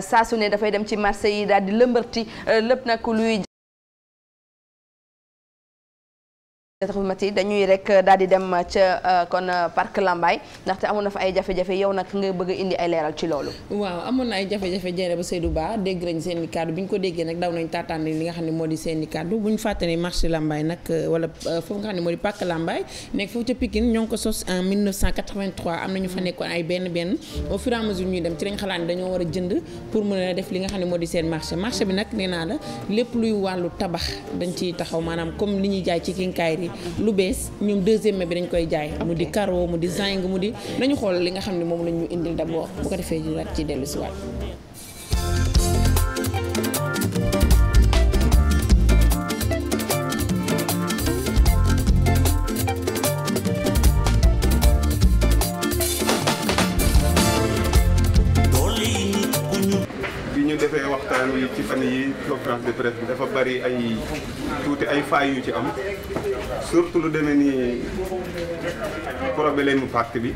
saa su ne dafay dem ci marché yi daal di lëmbërti lépp nag luy mati dañuy rek euh, daal di dem euh, ca euh, kon parc Lambaye ndaxte amoon na fa ay jafe-jafe yow nag nga bëgg a indi ay leeral ci loolu waaw amoon na ay jafe-jafe jere ba Seydou Ba dégg nañ seen kàddu bi ñu ko déggee nag daw nañ taataan li nga xam ne moo di seen i kàddu bu ñu fàtte ne marché Lambaye nag wala foofu nga xam ne moo di parc Lambaye nekk foofu ca Pikine ñoo ngi ko sos en 1983 am nañu fa mm. nekkoon ay benn benn au fur ñuy dem ci lañ xalaat ne dañoo war a jënd pour mën a li nga xam ne moo di lu bees ñun deuxième mai bi dañ koy jaay mu di caro mu di zinc mu di dañu xool li nga xam ne moom la ñu indil d'abord bu ko defee ñu ci dellu si ci fan yi conférence de presse bi dafa bari ay tuuti ay failles yu ci am surtout lu demee ni problème mu pacte bi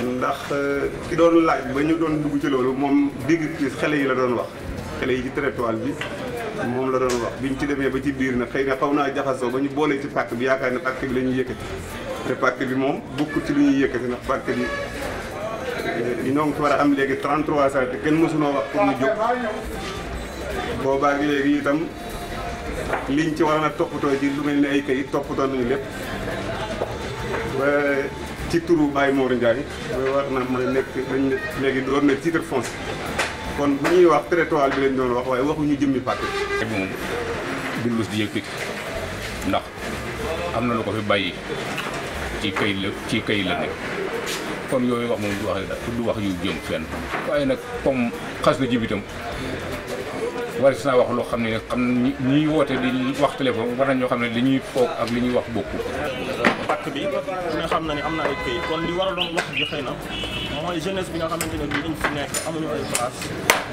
ndax euh, ki doon laaj ba ñu doon bugg ci loolu moom digg crise xale yi la doon wax xele yi ci territoire bi moom la doon wax ñu ci demee ba ci biir nag xëy na xaw naa jaxasoo ba ñu boolee ci pacte bi yaakaar ne pacte bi la ñuy yëkkati te pacte bi moom bokk ci lu ñuy yëkkati ndax pacte bi bi ñoo ngi war a am léegi 33 salle te kenn mësunoo wax pour ñu jóg boobaa gi léegi itam liñ ci waroon a toppatoo ci lu mel ne ay kayit toppatoo nañu lépp ba ci turu Baye Mor Ndiaye ba war na mën a nekk dañ ne léegi doon na titre foncier kon bu ñuy wax territoire bi leen doon wax waaye waxuñu jëmmi pàcc. bi moom dullus di yëg ndax am na lu ko fi bàyyi ci kay ci kay la nekk. kon yooyu wax moom du wax du wax yu jëm fenn waaye nag comme xas na jibi itam war naa wax loo xam ne xam ñi woote di wax téléphone war nañoo xam ne li ñuy foog ak li ñuy wax bokku pàkk bi ñu xam na ne am na ay këy kon li waraloon wax ji xëy mooy jeunesse bi nga xamante ne bii dañ fi nekk amuñu ay place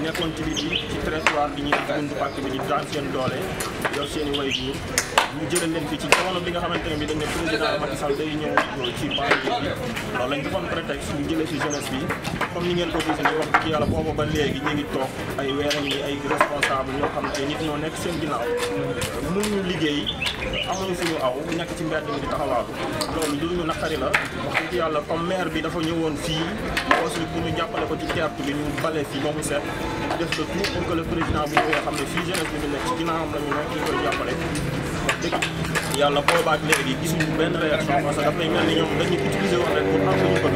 nekkoon ci biti ci trottoir bi ñuy dund pàkk bi di daan seen doole yor seen i way jur ñu jëlee leen fi ci jamono bi nga xamante ne bi dañ ne président Macky Sall day ñëw ci banlieue bi loolu lañ defoon prétexte ñu jëlee fi jeunesse bi comme ni ngeen ko gis ne wax dëgg yàlla boobu ba léegi ñu ngi toog ay weer a ngi ay responsable ñoo xam ne nit ñoo nekk seen ginnaaw mënuñu liggéey amuñu fu aw nekk ci mbedd mi di taxawaalu loolu lu ñu naqari la wax dëgg yàlla comme maire bi dafa ñëwoon fii aussi pour ñu jàppale ko ci tertu bi ñu bale fii ba mu set def le tout pour que le bu ñëwee xam ne fii jeunesse bi ci ginnaawam la ñu nekk ñu yàlla boobaak léegi gisuñu benn réaction parce que daf lay mel ni ñoom dañuy utiliser woon rek pour am na ñu bëgg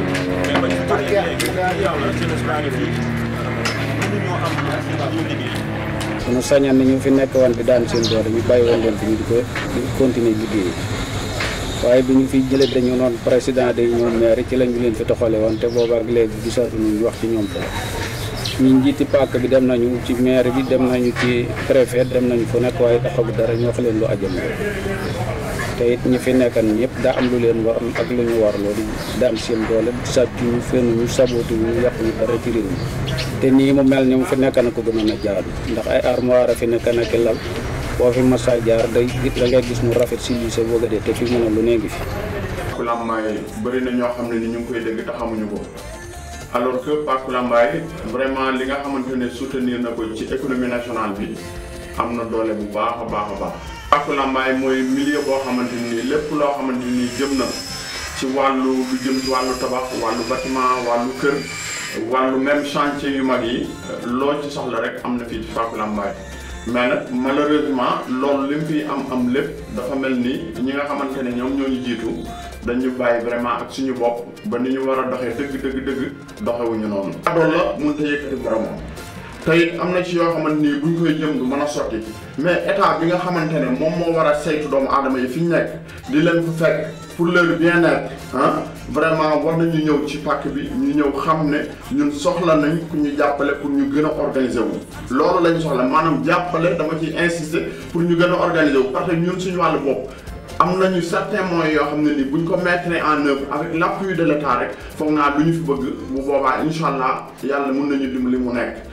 mais bañ fi jógee léegi yàlla jeunesse baa ngi fii mënuñoo am ñu liggéey sunu sañoon ni ñu fi nekk woon di daan seen doole ñu bàyyi woon leen fi ñu di ko di continuer liggéey waaye bi ñu fi jëlee dañu noon président de ñoom ci la ñu leen fi toxale woon te booba ak léegi gisatuñu ñu wax ci ñoom dara ñu njiiti pàkk bi dem nañu ci maire bi dem nañu ci préfet dem nañu fu nekk waaye taxagu dara ñu wax leen lu ajam te it ñi fi nekkan ñëpp daa am lu leen war ak lu ñu war loolu daa am seen doole sàcc ñu fenn ñu sabootu ñu yàq ñu dara ci réew mi te nii mu mel ni mu fi nekk na ko gënoon a jaadu ndax ay armoire fi nekk na ki lal boo fi massa jaar day da ngay gis mu rafet si lycée boo de te fi mu ne lu ne ngi fi. Pàccu Lambaye bëri na ñoo xam ne ni ñu ngi koy dégg te xamuñu ko alors que Pàccu Lambaye vraiment li nga xamante ne soutenir na ko ci économie nationale bi am na doole bu baax a baax a baax. Pàccu Lambaye mooy milieu boo xamante ni lépp loo xamante ni jëm na ci wàllu lu jëm ci wàllu tabax wàllu bâtiment wàllu kër. wàllu même chance yu mag yi lool ci soxla rek am na fii ci Faku Lambaye mais nag lool loolu li mu fi am am lépp dafa mel nii ñi nga xamante ne ñoom ñoo jiitu dañuy bàyyi vraiment ak suñu bopp ba ni ñu war a doxee dëgg dëgg dëgg doxewuñu noonu. adoon la mënut yëkkati boromam te am na ci yoo xamante nii buñ koy jëm du mën a sotti mais état bi nga xamante ne moom moo war a saytu doomu aadama yi fi ñu nekk di leen fa pour leur bien-être ah vraiment war nañu ñëw ci pàkk bi ñu ñëw xam ne ñun soxla nañ ku ñu jàppale pour ñu gën a organiser wu. loolu lañ soxla maanaam jàppale dama ciy insister pour ñu gën a organiser wu parce que ñun suñu wàllu bopp. am nañu certains moyens yoo xam ne nii buñ ko mettre en œuvre avec l'appui de rek foog naa lu ñu fi bëgg bu boobaa incha allah yàlla mën nañu dimbali mu nekk.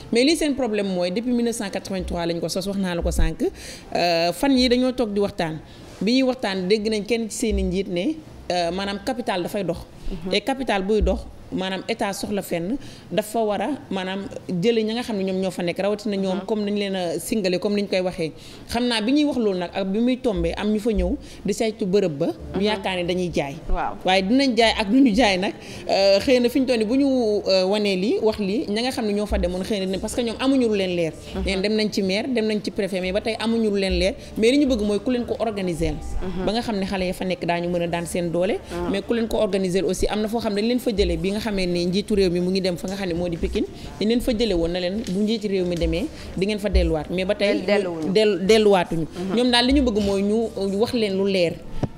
mais lii seen problème mooy depuis 1983 lañ ko sos wax naa la ko sànq euh, fan yi dañoo toog di waxtaan bi ñuy waxtaan dégg nañ kenn ci seen i njiit ne euh, maanaam capital dafay dox. Mhm. et capital buy dox. maanaam état soxla fenn dafa war a maanaam jëlee ñi nga xam ne ñoom ñoo fa nekk rawatina ñoom mhm. comme nañ leen a comme ni ñu koy waxee xam naa bi wax loolu nag bi muy tombee am ñu fa ñëw di saytu bërëb ba mhm. ñu yaakaar ne dañuy jaay waaye dinañ jaay ak lu ñu jaay euh, na fi ñu toll nii bu ñu euh, mhm. ñu bëgg mooy ku leen ko organiser a daan seen doole mais ku nga xamee ne njiitu réew mi mu ngi dem fa nga xam ne moo di Pikine dañ leen fa jële woon leen bu njiitu réew demee di fa delluwaat mais ba tey dellu delluwaatuñu mhm. ñoom daal li ñu bëgg mooy ñu wax leen lu leer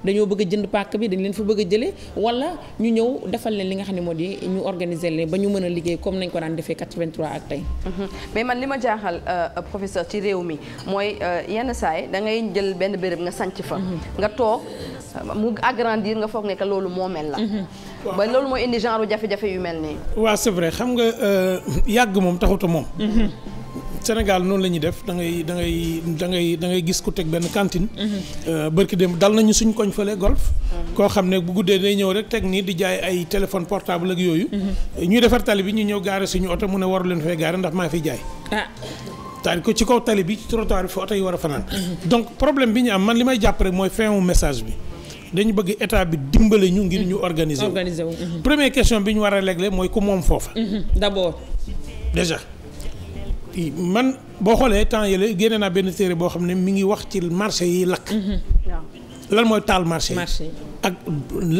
dañoo bëgg jënd pàkk bi dañ leen fa bëgg a jëlee wala ñu ñëw defal leen li xam ne moo di ñu organiser leen ba ñu mën a liggéey comme nañ ko daan defee 83 ak tey. Mhm. mais man li ma jaaxal euh, professeur ci réew mi mooy euh, yenn saay da ngay jël benn béréb nga sanc fa. Mhm. nga toog mu agrandir nga foog ne que loolu moomeel la. ba loolu mooy indi genre jafe-jafe yu mel nii. waaw c'est vrai xam nga euh, yàgg moom taxuta moom. Mhm. Sénégal noonu la ñuy def da ngay da ngay da ngay gis ku teg benn cantine. Mhm. Euh, bërki dem dal nañu suñ koñ fële golf. Mhm. koo xam ne bu guddee day ñëw rek teg nii di jaay ay téléphone portable ak yooyu. ñuy defar tali bi ñu ñëw gaare suñu oto mu ne waru leen fee gaare ndax maa fi jaay. Ah. taal ko ci kaw tali bi ci trottoir bi fa oto yi war a fanaan. donc problème bi ñu am man li may jàpp rek mooy fin wu message bi. dañu bëgg état bi dimbale ñu ngir ñu mm-hmm. organiser wu mm-hmm. première question bi ñu war a régler mooy ku moom foofa mm-hmm. d'abord déjà man boo xoolee temps yële génne naa benn téere boo xam ne mi ngi wax ci marché yi lakk lan mooy taal marché yi ak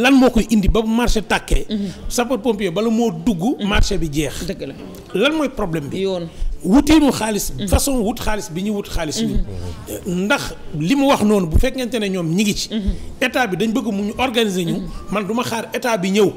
lan moo koy indi ba bu marché tàkkee sapeur pompier bala moo dugg marché bi jeex dëgg lan mooy problème bi yoon wutiinu xaalis mhm. façon wut xaalis bi ñu wut xaalis mhm. ndax li mu wax noonu bu fekkente ne ñoom ñi ngi ci mhm. état bi dañ bëgg mu ñu organiser ñu man duma xaar état bi ñëw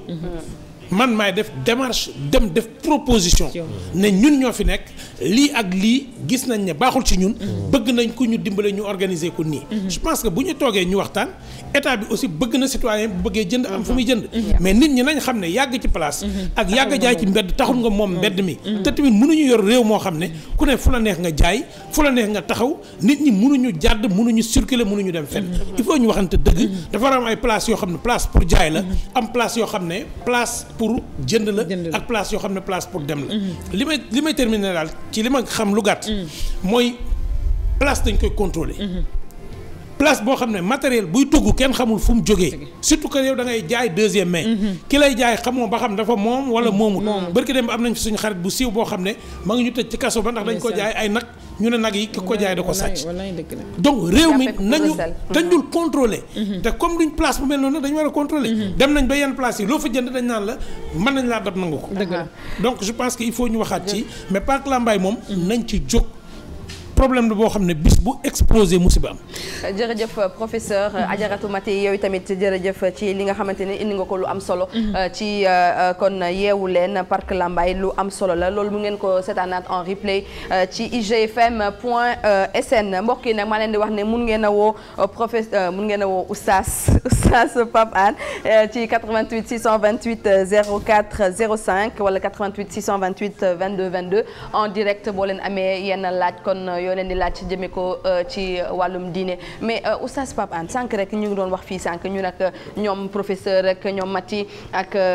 man maay def démarche dem def proposition ne ñun ñoo fi nekk lii ak lii gis nañ ne baaxul ci ñun mm-hmm. bëgg nañ ko ñu dimbale ñu organiser ko nii mm-hmm. je pense que bu ñu toogee ñu waxtaan état bi aussi bëgg na citoyen bu bëggee jënd am fu muy jënd mm-hmm. mais nit ñi nañ xam ne yàgg ci place ak yàgg jaay ci mbedd taxul nga moom mbedd mi te tamit mënuñu yor réew moo xam ne ku ne fu la neex nga jaay fu la neex nga taxaw nit ñi mënuñu jàdd mënuñu circuler mënuñu dem fenn il faut ñu waxante dëgg dafa place yoo xam ne place pour jaay la am yoo xam ne place pour jënd la ak place yoo xam ne place pour dem la mhm. li may li may terminer daal ci li ma xam lu gàtt mhm. mooy place dañ koy contrôler mhm. place boo xam ne matériel buy tugg kenn xamul fu mu jógee surtout que yow da ngay jaay deuxième main ki lay jaay xamoo ba xam dafa moom wala moomut barki dem am nañ fi suñu xarit bu siiw boo xam ne ma ngi ñu tëj ci kaso ba ndax dañ ko jaay ay nag ñu ne nag yi ki ko jaay da ko sàcc donc réew mi nañu dañ dul mm-hmm. contrôler mm-hmm. te comme duñ place bu mel noonu dañu war a contrôler mm-hmm. dem nañ ba yenn place yi loo fa jënd dañ naan la mën nañ laa dab nangu ko donc je pense que il faut ñu waxaat ci mais parc Lambaye moom nañ ci jóg problème la boo xam ne bis bu explosé musiba am. jërëjëf professeur Adjaratou Maté yooyu tamit jërëjëf ci li nga xamante ne indi nga ko lu am solo. Mhm. ci euh, euh, kon yeewu leen parc Lambaye lu am solo la loolu mu ngeen ko seetaanaat en replay euh, ci igfm point sn mbokk yi nag maa leen di wax ne mun ngeen a woo professeur mun ngeen a woo oustaz oustaz Pape Anne ci 88 628 04 05 wala 88 628 22 22 en direct boo leen amee yenn laaj kon. yoo leen di laaj ci jëmee ko euh, ci wàllum diine mais euh, oustaz Pape Hann sànq rek ñu ngi doon wax fii sànq ñu nag ñoom professeur rek ñoom Mati ak euh,